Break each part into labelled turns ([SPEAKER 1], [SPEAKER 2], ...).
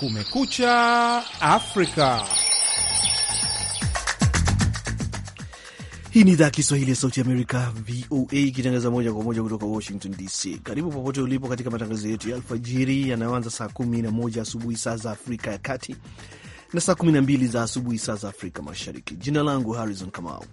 [SPEAKER 1] Kumekucha Afrika. Hii ni idhaa ya Kiswahili ya Sauti Amerika, VOA, ikitangaza moja kwa moja kutoka Washington DC. Karibu popote ulipo katika matangazo yetu ya alfajiri yanayoanza saa 11 asubuhi saa za Afrika ya Kati na saa 12 za asubuhi saa za Afrika Mashariki. Jina langu Harrison Kamau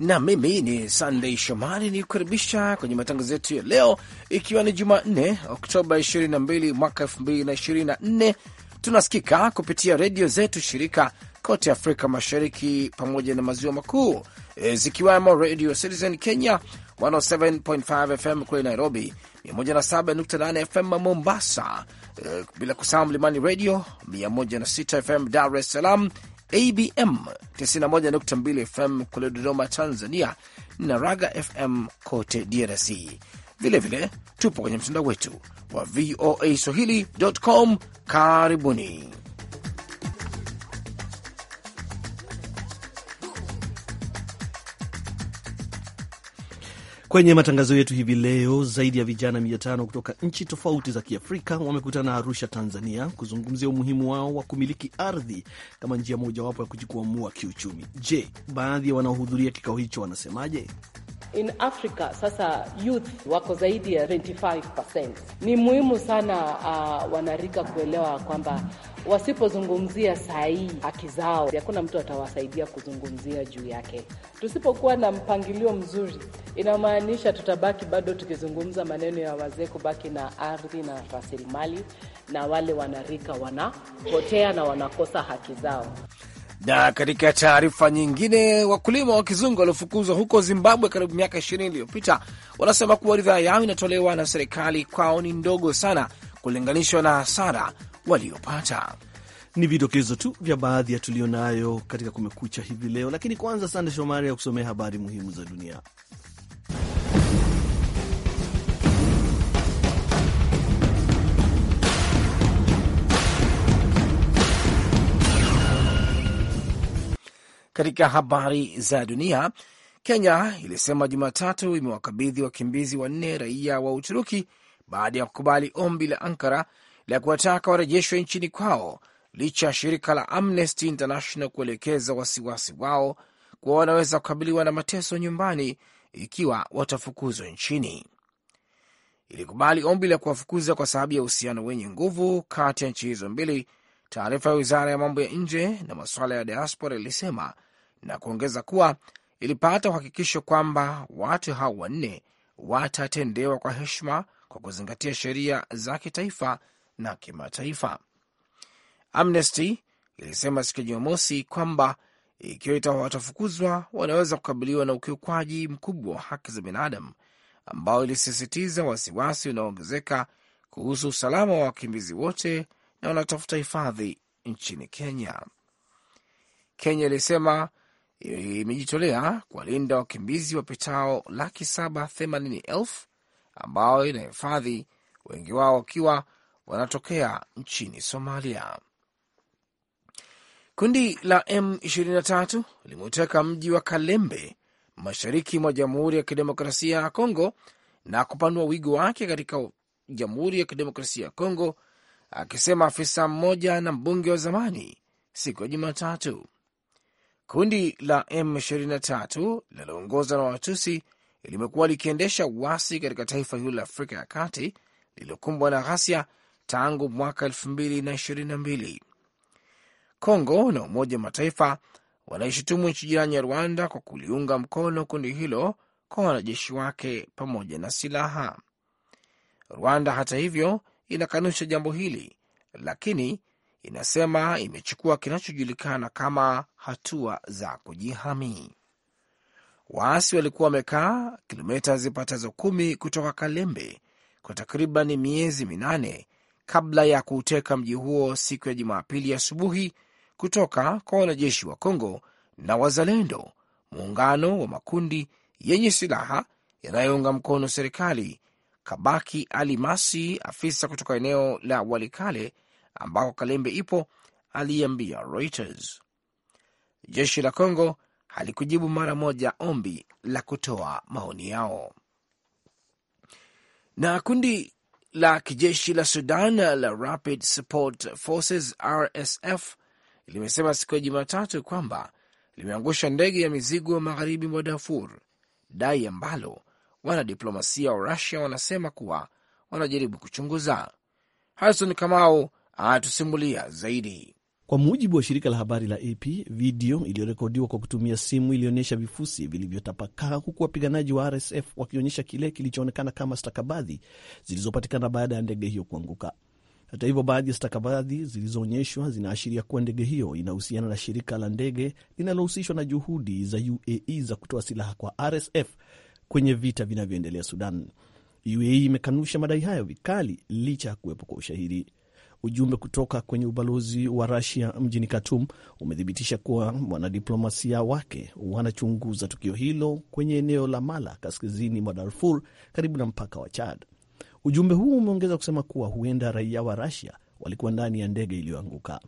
[SPEAKER 1] na mimi ni sandey Shomari ni kukaribisha kwenye matangazo yetu ya leo,
[SPEAKER 2] ikiwa ni Jumanne Oktoba 22 mwaka 2024 Tunasikika kupitia redio zetu shirika kote Afrika Mashariki pamoja na maziwa makuu, e, zikiwemo Radio Citizen Kenya 107.5 FM kule Nairobi, 107.8 FM Mombasa, e, bila kusahau Mlimani Radio 106 FM Dar es Salaam, ABM 91.2 FM kule Dodoma, Tanzania, na Raga FM kote DRC. Vilevile vile, tupo kwenye mtandao wetu wa VOA Swahili.com. Karibuni.
[SPEAKER 1] Kwenye matangazo yetu hivi leo, zaidi ya vijana mia tano kutoka nchi tofauti za Kiafrika wamekutana Arusha, Tanzania, kuzungumzia umuhimu wao wa kumiliki ardhi kama njia mojawapo ya kujikwamua kiuchumi. Je, baadhi ya wanaohudhuria kikao hicho wanasemaje?
[SPEAKER 3] in Africa sasa youth wako zaidi ya 25%. Ni muhimu sana uh, wanarika kuelewa kwamba wasipozungumzia sahii haki zao, hakuna mtu atawasaidia kuzungumzia juu yake. Tusipokuwa na mpangilio mzuri, inamaanisha tutabaki bado tukizungumza maneno ya wazee kubaki na ardhi na rasilimali, na wale wanarika wanapotea na wanakosa haki zao.
[SPEAKER 2] Na katika taarifa nyingine, wakulima wa kizungu waliofukuzwa huko Zimbabwe karibu miaka ishirini iliyopita wanasema kuwa ridhaa yao inatolewa na serikali kwao ni ndogo sana kulinganishwa na hasara waliopata.
[SPEAKER 1] Ni vidokezo tu vya baadhi ya tuliyonayo katika Kumekucha hivi leo, lakini kwanza, Sande Shomari ya kusomea habari muhimu za dunia.
[SPEAKER 2] Katika habari za dunia, Kenya ilisema Jumatatu imewakabidhi wakimbizi wanne raia wa Uturuki baada ya kukubali ombi la Ankara la kuwataka warejeshwe nchini kwao licha ya shirika la Amnesty International kuelekeza wasiwasi wao kuwa wanaweza kukabiliwa na mateso nyumbani ikiwa watafukuzwa nchini. Ilikubali ombi la kuwafukuza kwa sababu ya uhusiano wenye nguvu kati ya nchi hizo mbili Taarifa ya wizara ya mambo ya nje na masuala ya diaspora ilisema na kuongeza kuwa ilipata uhakikisho kwamba watu hao wanne watatendewa kwa heshima kwa kuzingatia sheria za kitaifa na kimataifa. Amnesty ilisema siku ya Jumamosi kwamba ikiwa watafukuzwa wanaweza kukabiliwa na ukiukwaji mkubwa wa haki za binadamu, ambao ilisisitiza wasiwasi unaoongezeka kuhusu usalama wa wakimbizi wote na wanatafuta hifadhi nchini Kenya. Kenya ilisema imejitolea kuwalinda wakimbizi wapitao laki saba themanini elfu ambao ina hifadhi, wengi wao wakiwa wanatokea nchini Somalia. Kundi la M23 limeuteka mji wa Kalembe mashariki mwa Jamhuri ya Kidemokrasia ya Kongo na kupanua wigo wake katika Jamhuri ya Kidemokrasia ya Kongo akisema afisa mmoja na mbunge wa zamani siku ya Jumatatu. Kundi la M23 linaloongozwa na Watusi limekuwa likiendesha uasi katika taifa hilo la Afrika ya kati lililokumbwa na ghasia tangu mwaka 2022. Kongo na Umoja wa Mataifa wanaishutumu nchi jirani ya Rwanda kwa kuliunga mkono kundi hilo kwa wanajeshi wake pamoja na silaha. Rwanda hata hivyo inakanusha jambo hili, lakini inasema imechukua kinachojulikana kama hatua za kujihami. Waasi walikuwa wamekaa kilomita zipatazo kumi kutoka Kalembe kwa takriban miezi minane kabla ya kuuteka mji huo siku ya Jumapili asubuhi kutoka kwa wanajeshi wa Kongo na Wazalendo, muungano wa makundi yenye silaha yanayounga mkono serikali Kabaki Ali Masi, afisa kutoka eneo la Walikale ambako Kalembe ipo, aliambia Reuters. Jeshi la congo halikujibu mara moja ombi la kutoa maoni yao. Na kundi la kijeshi la Sudan la Rapid Support Forces RSF limesema siku ya Jumatatu kwamba limeangusha ndege ya mizigo magharibi mwa Darfur, dai ambalo wanadiplomasia wa rusia wanasema kuwa wanajaribu kuchunguza. Harison Kamau anatusimulia zaidi.
[SPEAKER 1] Kwa mujibu wa shirika la habari la AP, video iliyorekodiwa kwa kutumia simu ilionyesha vifusi vilivyotapakaa, huku wapiganaji wa RSF wakionyesha kile kilichoonekana kama stakabadhi zilizopatikana baada ya ndege hiyo kuanguka. Hata hivyo, baadhi ya stakabadhi zilizoonyeshwa zinaashiria kuwa ndege hiyo inahusiana na shirika la ndege linalohusishwa na juhudi za UAE za kutoa silaha kwa RSF kwenye vita vinavyoendelea Sudan. UAE imekanusha madai hayo vikali licha ya kuwepo kwa ushahidi. Ujumbe kutoka kwenye ubalozi wa Rusia mjini Khartoum umethibitisha kuwa wanadiplomasia wake wanachunguza tukio hilo kwenye eneo la Mala kaskazini mwa Darfur karibu na mpaka wa Chad. Ujumbe huu umeongeza kusema kuwa huenda raia wa Rusia walikuwa ndani ya ndege iliyoanguka.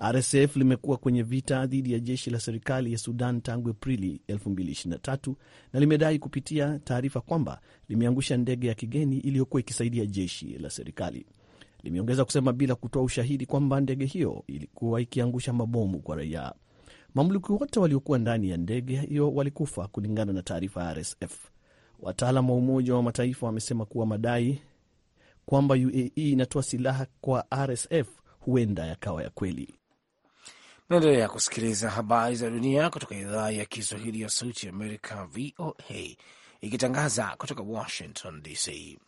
[SPEAKER 1] RSF limekuwa kwenye vita dhidi ya jeshi la serikali ya Sudan tangu Aprili 2023 na limedai kupitia taarifa kwamba limeangusha ndege ya kigeni iliyokuwa ikisaidia jeshi la serikali. Limeongeza kusema bila kutoa ushahidi kwamba ndege hiyo ilikuwa ikiangusha mabomu kwa raia. Mamluki wote waliokuwa ndani ya ndege hiyo walikufa, kulingana na taarifa ya RSF. Wataalam wa Umoja wa Mataifa wamesema kuwa madai kwamba UAE inatoa silaha kwa RSF huenda yakawa ya kweli.
[SPEAKER 2] Naendelea kusikiliza habari za dunia kutoka idhaa ya Kiswahili ya Sauti ya Amerika, VOA, ikitangaza kutoka Washington DC.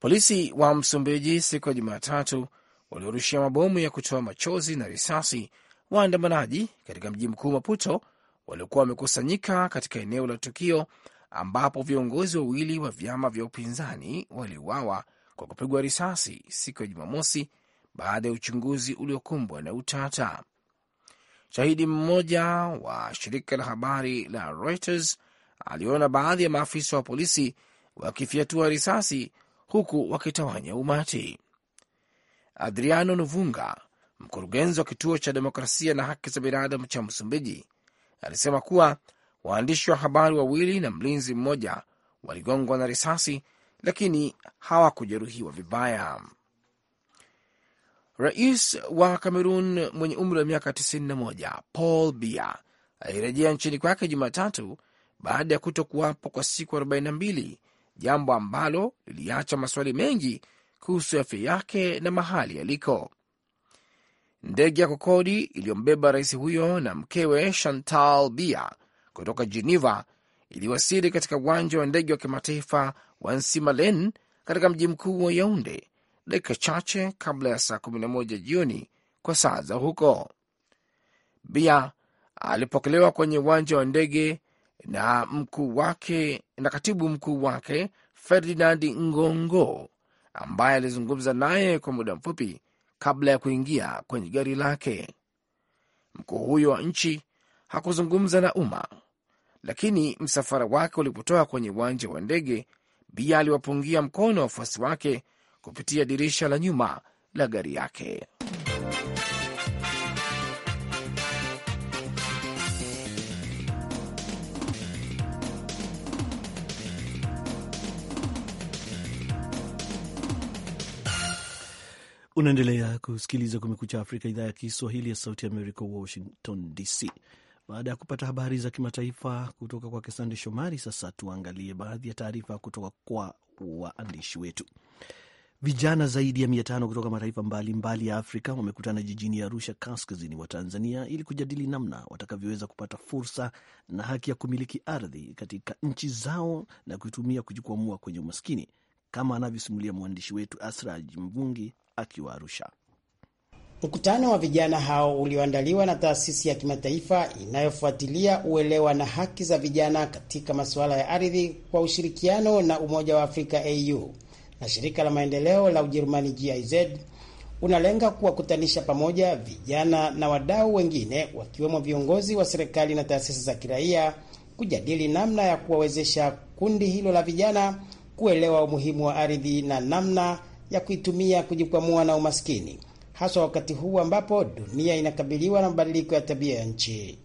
[SPEAKER 2] Polisi wa Msumbiji siku ya Jumatatu waliorushia mabomu ya kutoa machozi na risasi waandamanaji katika mji mkuu Maputo waliokuwa wamekusanyika katika eneo la tukio ambapo viongozi wawili wa vyama vya upinzani waliuawa kwa kupigwa risasi siku ya Jumamosi baada ya uchunguzi uliokumbwa na utata. Shahidi mmoja wa shirika la habari la Reuters aliona baadhi ya maafisa wa polisi wakifyatua risasi huku wakitawanya umati. Adriano Nuvunga, mkurugenzi wa kituo cha demokrasia na haki za binadamu cha Msumbiji, alisema kuwa waandishi wa habari wawili na mlinzi mmoja waligongwa na risasi, lakini hawakujeruhiwa vibaya. Rais wa Kamerun mwenye umri wa miaka 91 Paul Biya alirejea nchini kwake Jumatatu baada ya kuto kuwapo kwa siku 42, jambo ambalo liliacha maswali mengi kuhusu afya yake na mahali aliko. Ndege ya kukodi iliyombeba rais huyo na mkewe Chantal Biya kutoka Geneva iliwasili katika uwanja wa ndege wa kimataifa wa Nsimalen katika mji mkuu wa Yaunde dakika chache kabla ya saa moja jioni kwa saa za huko. Bia alipokelewa kwenye uwanja wa ndege na mkuu wake na katibu mkuu wake Ferdinand Ngongo ambaye alizungumza naye kwa muda mfupi kabla ya kuingia kwenye gari lake. Mkuu huyo wa nchi hakuzungumza na umma, lakini msafara wake ulipotoka kwenye uwanja wa ndege, Bia aliwapungia mkono wafuasi wake kupitia dirisha la nyuma la gari yake.
[SPEAKER 1] Unaendelea kusikiliza Kumekucha Afrika, idhaa ya Kiswahili ya Sauti ya Amerika, Washington DC. Baada ya kupata habari za kimataifa kutoka kwake Sande Shomari, sasa tuangalie baadhi ya taarifa kutoka kwa waandishi wetu. Vijana zaidi ya mia tano kutoka mataifa mbalimbali ya Afrika wamekutana jijini Arusha, kaskazini mwa Tanzania, ili kujadili namna watakavyoweza kupata fursa na haki ya kumiliki ardhi katika nchi zao na kuitumia kujikwamua kwenye umaskini, kama anavyosimulia mwandishi wetu Asraj Mvungi akiwa Arusha. Mkutano
[SPEAKER 4] wa vijana hao ulioandaliwa na taasisi ya kimataifa inayofuatilia uelewa na haki za vijana katika masuala ya ardhi kwa ushirikiano na Umoja wa Afrika au na shirika la maendeleo la Ujerumani GIZ unalenga kuwakutanisha pamoja vijana na wadau wengine wakiwemo viongozi wa serikali na taasisi za kiraia kujadili namna ya kuwawezesha kundi hilo la vijana kuelewa umuhimu wa ardhi na namna ya kuitumia kujikwamua na umaskini, haswa wakati huu ambapo dunia inakabiliwa na mabadiliko ya tabia ya nchi.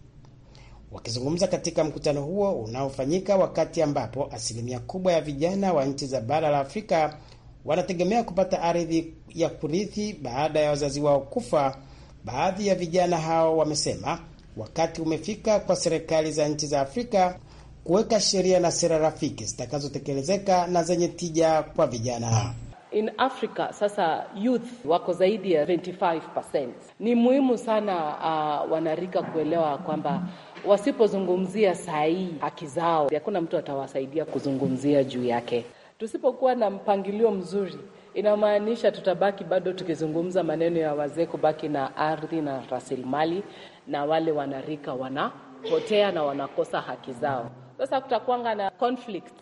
[SPEAKER 4] Wakizungumza katika mkutano huo unaofanyika wakati ambapo asilimia kubwa ya vijana wa nchi za bara la Afrika wanategemea kupata ardhi ya kurithi baada ya wazazi wao kufa, baadhi ya vijana hao wamesema wakati umefika kwa serikali za nchi za Afrika kuweka sheria na sera rafiki zitakazotekelezeka na zenye tija kwa vijana
[SPEAKER 3] In Africa sasa youth wako zaidi ya 25%. Ni muhimu sana uh, wanarika kuelewa kwamba wasipozungumzia sahihi haki zao, hakuna mtu atawasaidia kuzungumzia juu yake. Tusipokuwa na mpangilio mzuri, inamaanisha tutabaki bado tukizungumza maneno ya wazee kubaki na ardhi na rasilimali, na wale wanarika wanapotea na wanakosa haki zao. Sasa kutakuanga na conflict.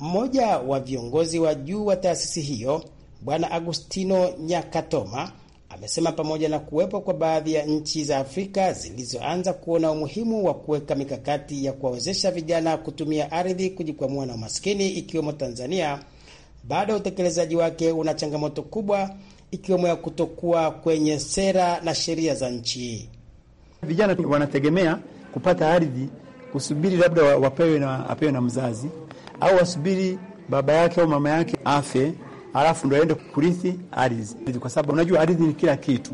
[SPEAKER 4] Mmoja wa viongozi wa juu wa taasisi hiyo Bwana Agustino Nyakatoma Amesema pamoja na kuwepo kwa baadhi ya nchi za Afrika zilizoanza kuona umuhimu wa kuweka mikakati ya kuwawezesha vijana kutumia ardhi kujikwamua na umaskini, ikiwemo Tanzania, bado utekelezaji wake una changamoto kubwa, ikiwemo ya kutokuwa kwenye sera na sheria za nchi. Vijana wanategemea kupata ardhi, kusubiri labda wapewe na, apewe na mzazi au wasubiri baba yake au mama yake afe halafu ndo aende kurithi ardhi, kwa sababu unajua ardhi ni kila kitu.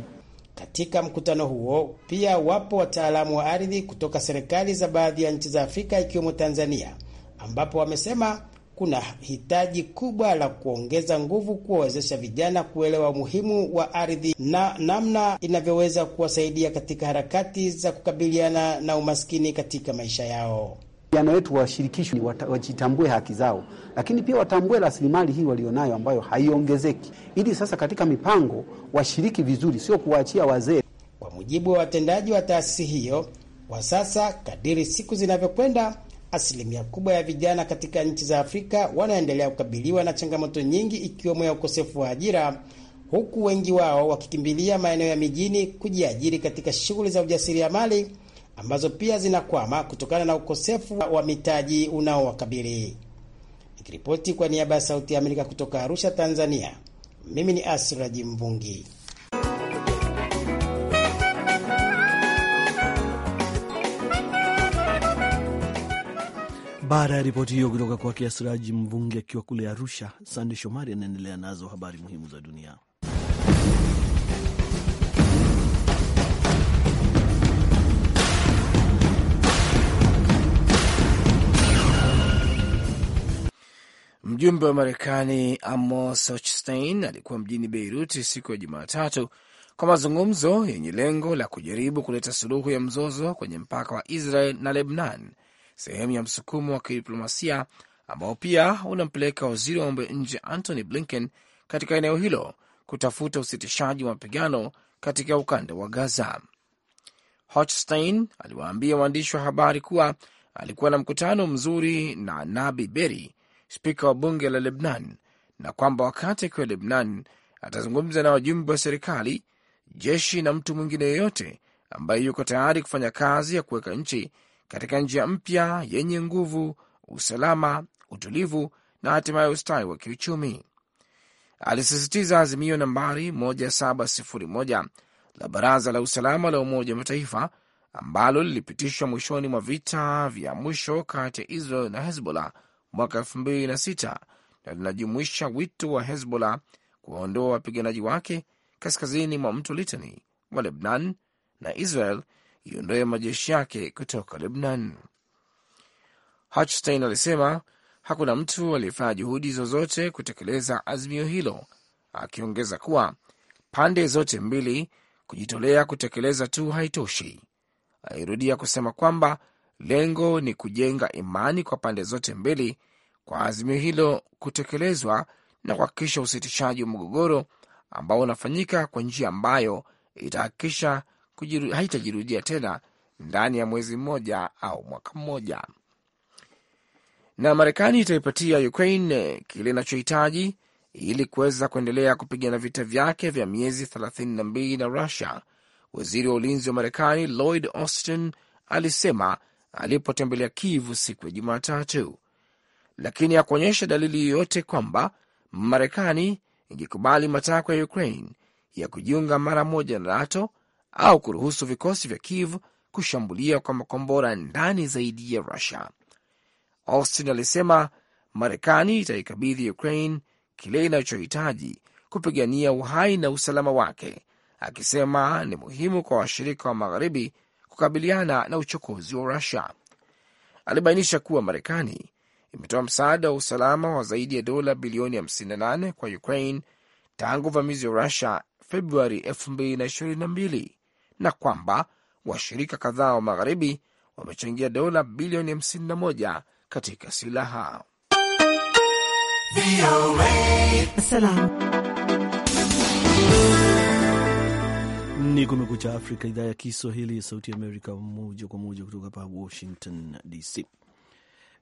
[SPEAKER 4] Katika mkutano huo pia wapo wataalamu wa ardhi kutoka serikali za baadhi ya nchi za Afrika ikiwemo Tanzania, ambapo wamesema kuna hitaji kubwa la kuongeza nguvu kuwawezesha vijana kuelewa umuhimu wa ardhi na namna inavyoweza kuwasaidia katika harakati za kukabiliana na umaskini katika maisha yao. Vijana wetu washirikishwe, wajitambue haki zao, lakini pia watambue rasilimali hii walionayo ambayo haiongezeki, ili sasa katika mipango washiriki vizuri, sio kuwaachia wazee. Kwa mujibu wa watendaji wa taasisi hiyo, kwa sasa kadiri siku zinavyokwenda asilimia kubwa ya vijana katika nchi za Afrika wanaendelea kukabiliwa na changamoto nyingi ikiwemo ya ukosefu wa ajira, huku wengi wao wakikimbilia maeneo ya mijini kujiajiri katika shughuli za ujasiriamali ambazo pia zinakwama kutokana na ukosefu wa mitaji unaowakabili. Nikiripoti kwa niaba ya Sauti ya Amerika kutoka Arusha, Tanzania, mimi ni asraji Mvungi.
[SPEAKER 1] Baada ya ripoti hiyo kutoka kwake Asiraji Mvungi akiwa kule Arusha, Sande Shomari anaendelea nazo habari muhimu za dunia.
[SPEAKER 2] Mjumbe wa Marekani Amos Hochstein alikuwa mjini Beirut siku ya Jumatatu kwa mazungumzo yenye lengo la kujaribu kuleta suluhu ya mzozo kwenye mpaka wa Israel na Lebnan, sehemu ya msukumo wa kidiplomasia ambao pia unampeleka waziri wa mambo ya nje Antony Blinken katika eneo hilo kutafuta usitishaji wa mapigano katika ukanda wa Gaza. Hochstein aliwaambia waandishi wa habari kuwa alikuwa na mkutano mzuri na Nabi Berri, spika wa bunge la Lebnan na kwamba wakati akiwa Lebnan atazungumza na wajumbe wa serikali, jeshi na mtu mwingine yoyote ambaye yuko tayari kufanya kazi ya kuweka nchi katika njia mpya yenye nguvu, usalama, utulivu na hatimaye ustawi wa kiuchumi. Alisisitiza azimio nambari 1701 la Baraza la Usalama la Umoja wa Mataifa ambalo lilipitishwa mwishoni mwa vita vya mwisho kati ya Israel na Hezbollah mwaka elfu mbili na sita na linajumuisha wito wa Hezbollah kuwaondoa wapiganaji wake kaskazini mwa mto Litani wa Lebnan na Israel iondoe majeshi yake kutoka Lebnan. Hochstein alisema hakuna mtu aliyefanya juhudi zozote kutekeleza azimio hilo, akiongeza kuwa pande zote mbili kujitolea kutekeleza tu haitoshi. Alirudia kusema kwamba Lengo ni kujenga imani kwa pande zote mbili kwa azimio hilo kutekelezwa na kuhakikisha usitishaji wa mgogoro ambao unafanyika kwa njia ambayo itahakikisha haitajirudia tena ndani ya mwezi mmoja au mwaka mmoja. Na Marekani itaipatia Ukraine kile inachohitaji ili kuweza kuendelea kupigana vita vyake vya miezi mbili na Russia. Waziri wa ulinzi wa Marekani Lloyd Austin alisema alipotembelea Kiev siku ya Jumatatu, lakini hakuonyesha dalili yoyote kwamba Marekani ingekubali matakwa ya Ukraine ya kujiunga mara moja na NATO au kuruhusu vikosi vya Kiev kushambulia kwa makombora ndani zaidi ya Rusia. Austin alisema Marekani itaikabidhi Ukraine kile inachohitaji kupigania uhai na usalama wake, akisema ni muhimu kwa washirika wa magharibi kukabiliana na uchokozi wa Rusia. Alibainisha kuwa Marekani imetoa msaada wa usalama wa zaidi ya dola bilioni 58 kwa Ukraine tangu uvamizi wa Rusia Februari 2022 na kwamba washirika kadhaa wa magharibi wamechangia dola bilioni 51 katika silaha.
[SPEAKER 1] ni Kumekucha Afrika, idhaa ya Kiswahili ya Sauti Amerika, moja kwa moja kutoka hapa Washington DC.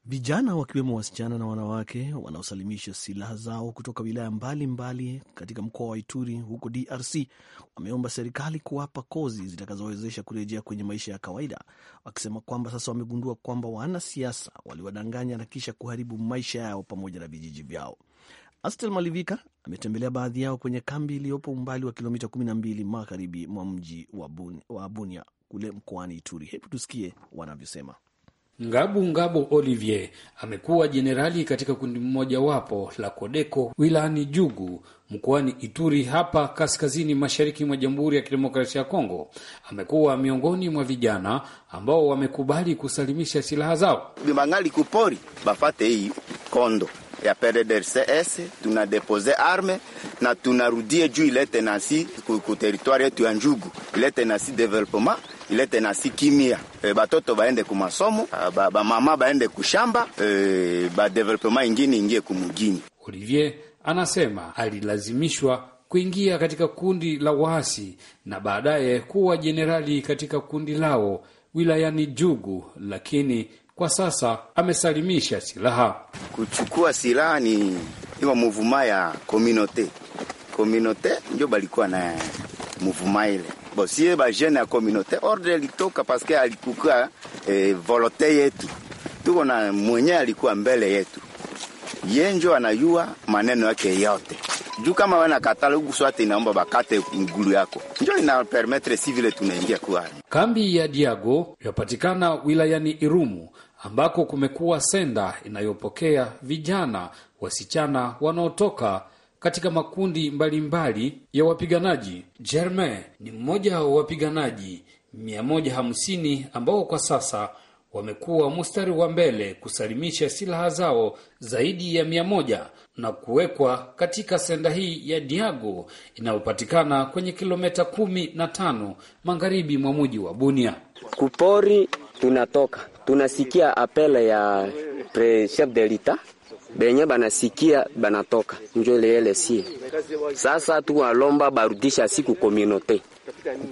[SPEAKER 1] Vijana wakiwemo wasichana na wanawake wanaosalimisha silaha zao kutoka wilaya mbalimbali mbali katika mkoa wa Ituri huko DRC wameomba serikali kuwapa kozi zitakazowezesha kurejea kwenye maisha ya kawaida, wakisema kwamba sasa wamegundua kwamba wanasiasa waliwadanganya na kisha kuharibu maisha yao pamoja na vijiji vyao. Astel Malivika ametembelea baadhi yao kwenye kambi iliyopo umbali wa kilomita 12 magharibi mwa mji wa Bunia kule mkoani Ituri. Hebu tusikie wanavyosema. Ngabu
[SPEAKER 5] Ngabu Olivier amekuwa jenerali katika kundi mmojawapo la Kodeko wilayani Jugu mkoani Ituri hapa kaskazini mashariki mwa Jamhuri ya Kidemokrasia ya Kongo. Amekuwa miongoni mwa vijana ambao wamekubali kusalimisha silaha zao. Bimangali kupori bafate hii kondo ya PDDRCS, tunadepose
[SPEAKER 4] arme na tunarudie juu ile tenasi ku ku territoire yetu ya Njugu, ile tenasi development ile tenasi kimia e, batoto baende ku masomo ah, ba, ba mama baende kushamba e, ba development eh, ingine ingie kumugini.
[SPEAKER 5] Olivier anasema alilazimishwa kuingia katika kundi la waasi na baadaye kuwa jenerali katika kundi lao wilayani Jugu, lakini kwa sasa amesalimisha silaha.
[SPEAKER 4] Kuchukua silaha ni iwa muvuma ya kominote, kominote njo balikuwa na muvuma ile bosie bajene ya kominote, orde litoka paske alikuka e, eh, volote yetu tuko na mwenye alikuwa mbele yetu, ye njo anajua maneno yake yote juu kama wana katalogu swate inaomba bakate ngulu yako njo ina permetre si
[SPEAKER 5] vile tunaingia kuwa. Kambi ya Diago yapatikana wilayani Irumu ambako kumekuwa senda inayopokea vijana wasichana wanaotoka katika makundi mbalimbali mbali ya wapiganaji. Germain ni mmoja wa wapiganaji 150 ambao kwa sasa wamekuwa mstari wa mbele kusalimisha silaha zao zaidi ya mia moja na kuwekwa katika senda hii ya Diago inayopatikana kwenye kilometa kumi na tano magharibi mwa muji wa Bunia
[SPEAKER 4] kupori tunatoka tunasikia apele ya pre chef de lita benye banasikia banatoka njo leyelesie. Sasa tuwalomba barudisha siku kominote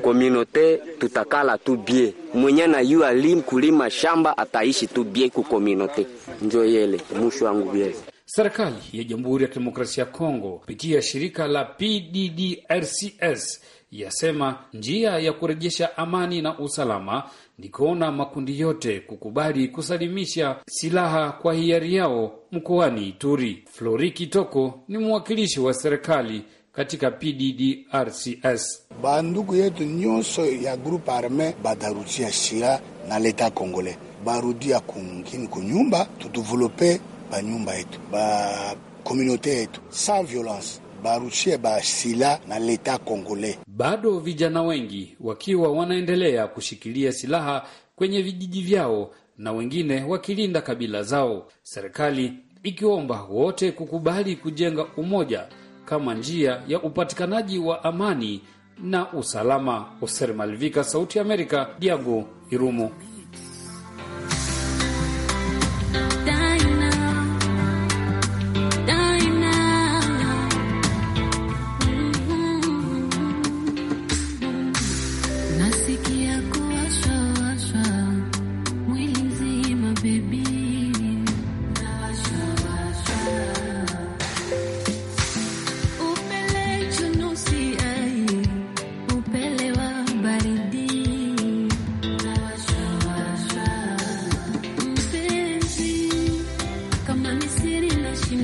[SPEAKER 4] kominote, tutakala tu bie, mwenye na yu alim kulima shamba ataishi tu bie
[SPEAKER 5] kukominote, njo yele mushu wangu bie. Serikali ya Jamhuri ya Kidemokrasia ya Kongo kupitia shirika la PDDRCS yasema njia ya kurejesha amani na usalama nikaona makundi yote kukubali kusalimisha silaha kwa hiari yao mkoani Ituri. Flori Kitoko ni mwakilishi wa serikali katika PDDRCS. Bandugu yetu nyonso ya grupe arme badarudia shira na leta kongole barudia kungini kunyumba, tudevelope banyumba yetu ba komunote yetu sans violence barushie basila na leta Kongole. Bado vijana wengi wakiwa wanaendelea kushikilia silaha kwenye vijiji vyao na wengine wakilinda kabila zao, serikali ikiomba wote kukubali kujenga umoja kama njia ya upatikanaji wa amani na usalama. Oser Malvika, Sauti ya Amerika, Diago Irumu.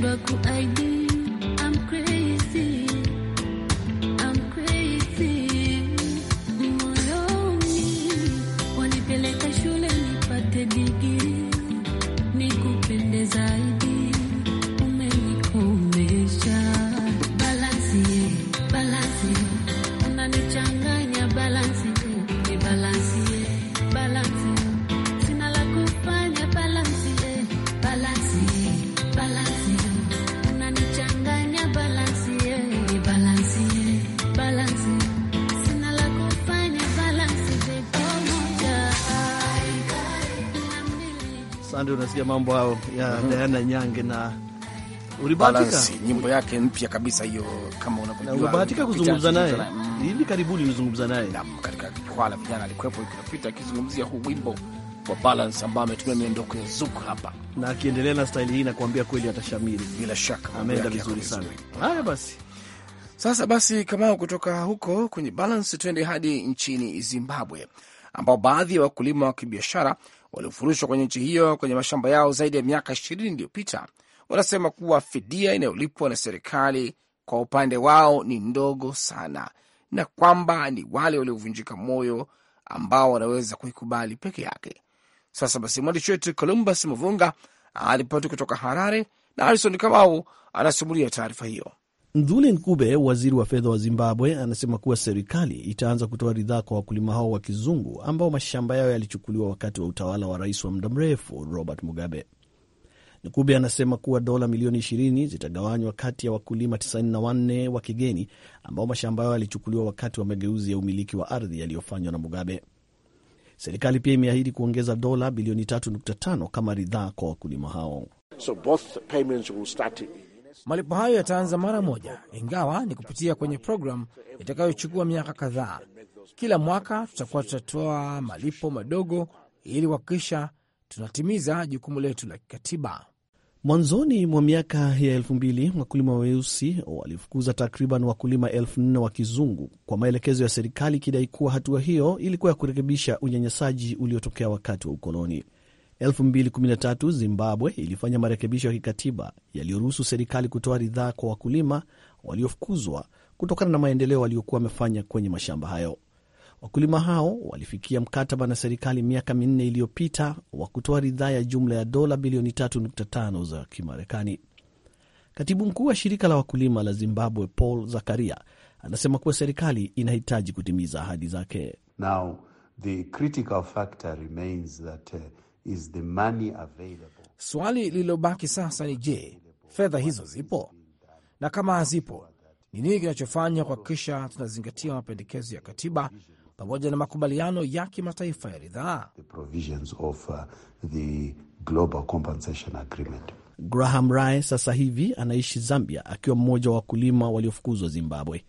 [SPEAKER 6] I do. I'm crazy.
[SPEAKER 1] Sande, unasikia mambo hayo ya mm -hmm. Diana Nyange na ulibahatika nyimbo yake mpya
[SPEAKER 2] kabisa hiyo, kama unavyojua, ulibahatika kuzungumza naye hivi karibuni, ulizungumza naye katika jukwaa la vijana, alikuwepo ikinapita akizungumzia huu wimbo wa balance ambayo ametumia miondoko ya zuku
[SPEAKER 1] hapa, na akiendelea na staili hii, nakuambia kweli atashamiri bila shaka, ameenda vizuri sana.
[SPEAKER 2] Haya basi. Sasa basi, kama kutoka huko kwenye balance twende hadi nchini Zimbabwe, ambao baadhi ya wakulima wa kibiashara waliofurushwa kwenye nchi hiyo kwenye mashamba yao zaidi ya miaka ishirini iliyopita wanasema kuwa fidia inayolipwa na serikali kwa upande wao ni ndogo sana, na kwamba ni wale waliovunjika moyo ambao wanaweza kuikubali peke yake. Sasa basi, mwandishi wetu Columbus Mavunga alipoti kutoka Harare na Harison Kamau anasimulia taarifa hiyo.
[SPEAKER 1] Mdhuli Nkube, waziri wa fedha wa Zimbabwe, anasema kuwa serikali itaanza kutoa ridhaa kwa wakulima hao wa kizungu ambao mashamba yao yalichukuliwa wakati wa utawala wa rais wa muda mrefu Robert Mugabe. Nkube anasema kuwa dola milioni 20 zitagawanywa kati ya wakulima 94 wa kigeni ambao mashamba yao yalichukuliwa wakati wa mageuzi ya umiliki wa ardhi yaliyofanywa na Mugabe. Serikali pia imeahidi kuongeza dola bilioni 3.5 kama ridhaa kwa wakulima hao. So both Malipo hayo yataanza mara
[SPEAKER 2] moja, ingawa ni kupitia kwenye programu itakayochukua miaka kadhaa. Kila mwaka tutakuwa tutatoa malipo madogo ili kuhakikisha tunatimiza jukumu letu la kikatiba.
[SPEAKER 1] Mwanzoni mwa miaka ya elfu mbili wakulima weusi walifukuza takriban wakulima elfu nne wa kizungu kwa maelekezo ya serikali ikidai kuwa hatua hiyo ilikuwa ya kurekebisha unyanyasaji uliotokea wakati wa ukoloni. 2013 Zimbabwe ilifanya marekebisho ya kikatiba yaliyoruhusu serikali kutoa ridhaa kwa wakulima waliofukuzwa kutokana na maendeleo waliokuwa wamefanya kwenye mashamba hayo. Wakulima hao walifikia mkataba na serikali miaka minne iliyopita wa kutoa ridhaa ya jumla ya dola bilioni 3.5 za Kimarekani. Katibu mkuu wa shirika la wakulima la Zimbabwe, Paul Zakaria, anasema kuwa serikali inahitaji kutimiza ahadi zake.
[SPEAKER 4] Now, the critical factor remains that, uh is the money available.
[SPEAKER 2] Swali lililobaki sasa ni je, fedha hizo zipo? Na kama hazipo, ni nini kinachofanya kuhakikisha tunazingatia mapendekezo ya katiba pamoja na makubaliano ya kimataifa ya ridhaa?
[SPEAKER 4] Uh,
[SPEAKER 1] Graham Rae sasa hivi anaishi Zambia akiwa mmoja wa wakulima waliofukuzwa Zimbabwe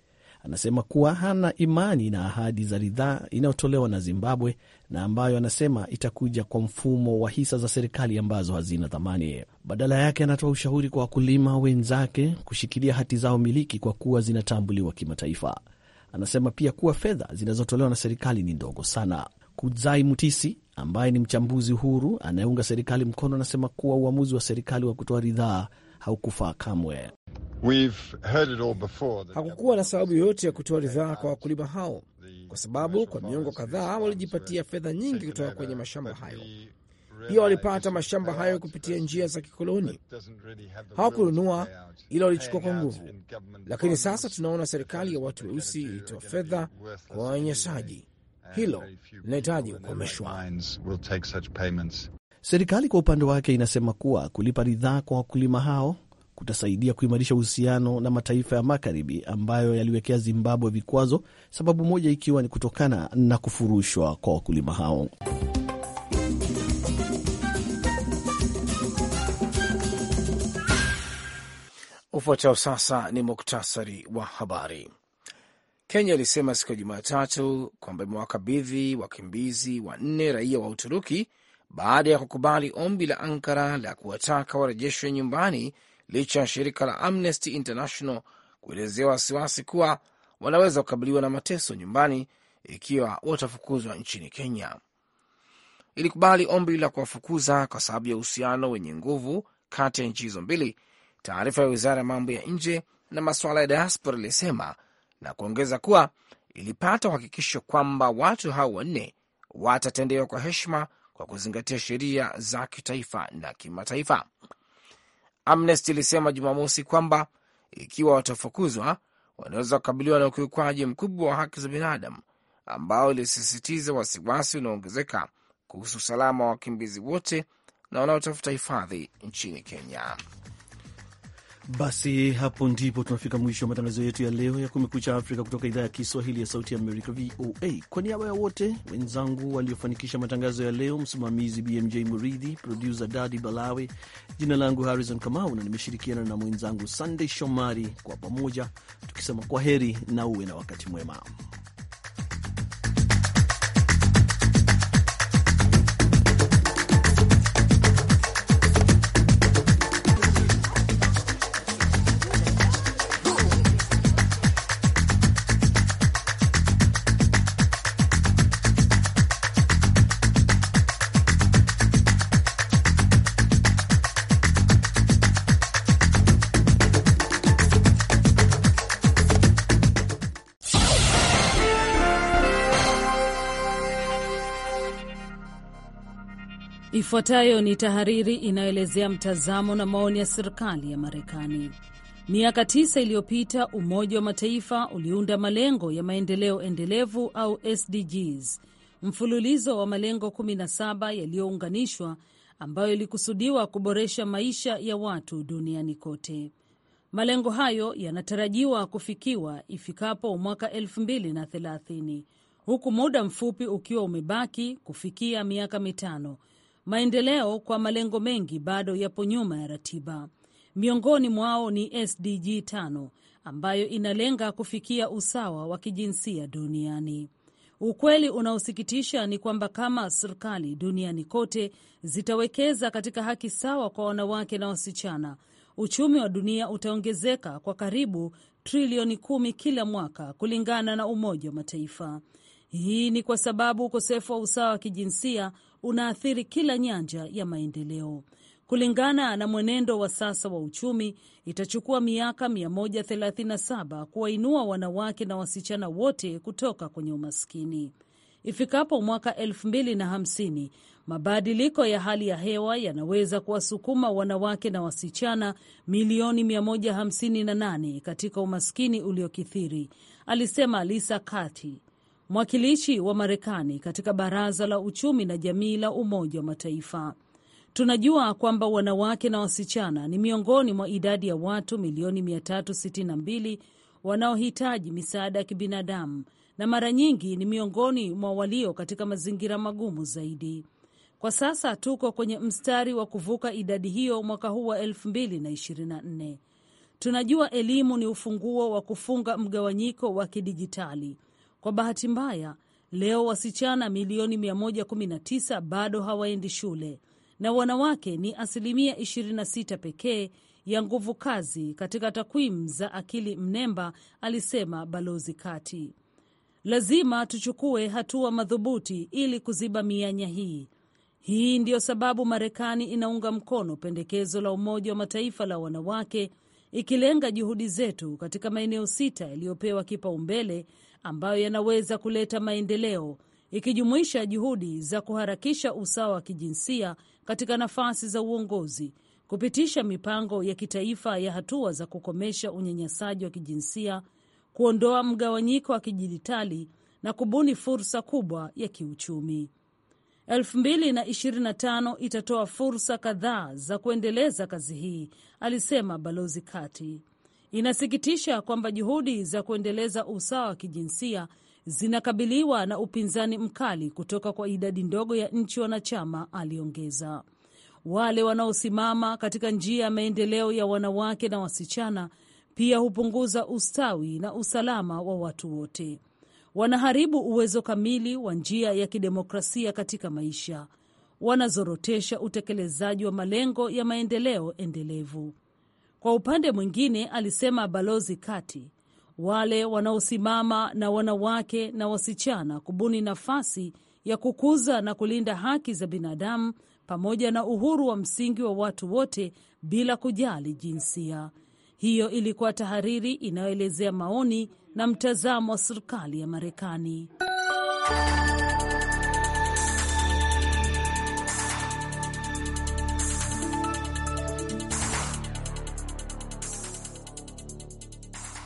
[SPEAKER 1] anasema kuwa hana imani na ahadi za ridhaa inayotolewa na Zimbabwe na ambayo anasema itakuja kwa mfumo wa hisa za serikali ambazo hazina thamani. Badala yake, anatoa ushauri kwa wakulima wenzake kushikilia hati zao miliki kwa kuwa zinatambuliwa kimataifa. Anasema pia kuwa fedha zinazotolewa na serikali ni ndogo sana. Kudzai Mutisi ambaye ni mchambuzi huru anayeunga serikali mkono anasema kuwa uamuzi wa serikali wa kutoa ridhaa haukufaa kamwe. Hakukuwa na sababu yoyote ya kutoa ridhaa kwa wakulima hao, kwa sababu kwa miongo
[SPEAKER 2] kadhaa walijipatia fedha nyingi kutoka kwenye mashamba hayo. Pia walipata mashamba hayo kupitia njia za kikoloni. Hawakununua, ila walichukua kwa nguvu. Lakini sasa tunaona serikali ya watu weusi ilitoa fedha kwa wanyanyasaji. Hilo linahitaji kukomeshwa.
[SPEAKER 1] Serikali kwa upande wake inasema kuwa kulipa ridhaa kwa wakulima hao kutasaidia kuimarisha uhusiano na mataifa ya Magharibi ambayo yaliwekea Zimbabwe vikwazo, sababu moja ikiwa ni kutokana na kufurushwa kwa wakulima hao.
[SPEAKER 2] Ufuatao sasa ni muktasari wa habari. Kenya ilisema siku ya Jumatatu kwamba imewakabidhi wakimbizi wanne raia wa Uturuki baada ya kukubali ombi la Ankara la kuwataka warejeshwe nyumbani licha ya shirika la Amnesty International kuelezea wasiwasi kuwa wanaweza kukabiliwa na mateso nyumbani ikiwa watafukuzwa nchini Kenya. Ilikubali ombi la kuwafukuza kwa sababu ya uhusiano wenye nguvu kati ya nchi hizo mbili, taarifa ya wizara ya mambo ya nje na masuala ya diaspora ilisema, na kuongeza kuwa ilipata uhakikisho kwamba watu hao wanne watatendewa kwa heshima kwa kuzingatia sheria za kitaifa na kimataifa. Amnesty ilisema Jumamosi kwamba ikiwa watafukuzwa, wanaweza kukabiliwa na ukiukwaji mkubwa wa haki za binadamu, ambao ilisisitiza wasiwasi unaoongezeka kuhusu usalama wa wakimbizi wote na wanaotafuta
[SPEAKER 1] hifadhi nchini Kenya. Basi hapo ndipo tunafika mwisho wa matangazo yetu ya leo ya Kumekucha Afrika kutoka idhaa ya Kiswahili ya Sauti ya Amerika, VOA. Kwa niaba ya wote wenzangu waliofanikisha matangazo ya leo, msimamizi BMJ Muridhi, produsa Dadi Balawe, jina langu Harrison Kamau na nimeshirikiana na mwenzangu Sandey Shomari, kwa pamoja tukisema kwa heri na uwe na wakati mwema.
[SPEAKER 6] Ifuatayo ni tahariri inayoelezea mtazamo na maoni ya serikali ya Marekani. Miaka tisa iliyopita Umoja wa Mataifa uliunda malengo ya maendeleo endelevu au SDGs, mfululizo wa malengo 17 yaliyounganishwa ambayo ilikusudiwa kuboresha maisha ya watu duniani kote. Malengo hayo yanatarajiwa kufikiwa ifikapo mwaka 2030 huku muda mfupi ukiwa umebaki kufikia miaka mitano Maendeleo kwa malengo mengi bado yapo nyuma ya ratiba. Miongoni mwao ni SDG 5 ambayo inalenga kufikia usawa wa kijinsia duniani. Ukweli unaosikitisha ni kwamba kama serikali duniani kote zitawekeza katika haki sawa kwa wanawake na wasichana, uchumi wa dunia utaongezeka kwa karibu trilioni kumi kila mwaka, kulingana na Umoja wa Mataifa. Hii ni kwa sababu ukosefu wa usawa wa kijinsia unaathiri kila nyanja ya maendeleo. Kulingana na mwenendo wa sasa wa uchumi, itachukua miaka 137 kuwainua wanawake na wasichana wote kutoka kwenye umaskini. Ifikapo mwaka 2050 mabadiliko ya hali ya hewa yanaweza kuwasukuma wanawake na wasichana milioni 158 katika umaskini uliokithiri, alisema Lisa Kati, mwakilishi wa Marekani katika Baraza la Uchumi na Jamii la Umoja wa Mataifa. Tunajua kwamba wanawake na wasichana ni miongoni mwa idadi ya watu milioni 362 wanaohitaji misaada ya kibinadamu na mara nyingi ni miongoni mwa walio katika mazingira magumu zaidi. Kwa sasa tuko kwenye mstari wa kuvuka idadi hiyo mwaka huu wa 2024. Tunajua elimu ni ufunguo wa kufunga mgawanyiko wa kidijitali kwa bahati mbaya, leo wasichana milioni 119 bado hawaendi shule na wanawake ni asilimia 26 pekee ya nguvu kazi katika takwimu za akili mnemba, alisema Balozi Kati. Lazima tuchukue hatua madhubuti ili kuziba mianya hii. Hii ndiyo sababu Marekani inaunga mkono pendekezo la Umoja wa Mataifa la wanawake, ikilenga juhudi zetu katika maeneo sita yaliyopewa kipaumbele ambayo yanaweza kuleta maendeleo ikijumuisha juhudi za kuharakisha usawa wa kijinsia katika nafasi za uongozi, kupitisha mipango ya kitaifa ya hatua za kukomesha unyanyasaji wa kijinsia, kuondoa mgawanyiko wa kidijitali na kubuni fursa kubwa ya kiuchumi. 2025 itatoa fursa kadhaa za kuendeleza kazi hii, alisema Balozi Kati. Inasikitisha kwamba juhudi za kuendeleza usawa wa kijinsia zinakabiliwa na upinzani mkali kutoka kwa idadi ndogo ya nchi wanachama, aliongeza. Wale wanaosimama katika njia ya maendeleo ya wanawake na wasichana pia hupunguza ustawi na usalama wa watu wote. Wanaharibu uwezo kamili wa njia ya kidemokrasia katika maisha. Wanazorotesha utekelezaji wa malengo ya maendeleo endelevu. Kwa upande mwingine, alisema Balozi Kati, wale wanaosimama na wanawake na wasichana kubuni nafasi ya kukuza na kulinda haki za binadamu pamoja na uhuru wa msingi wa watu wote bila kujali jinsia. Hiyo ilikuwa tahariri inayoelezea maoni na mtazamo wa serikali ya Marekani.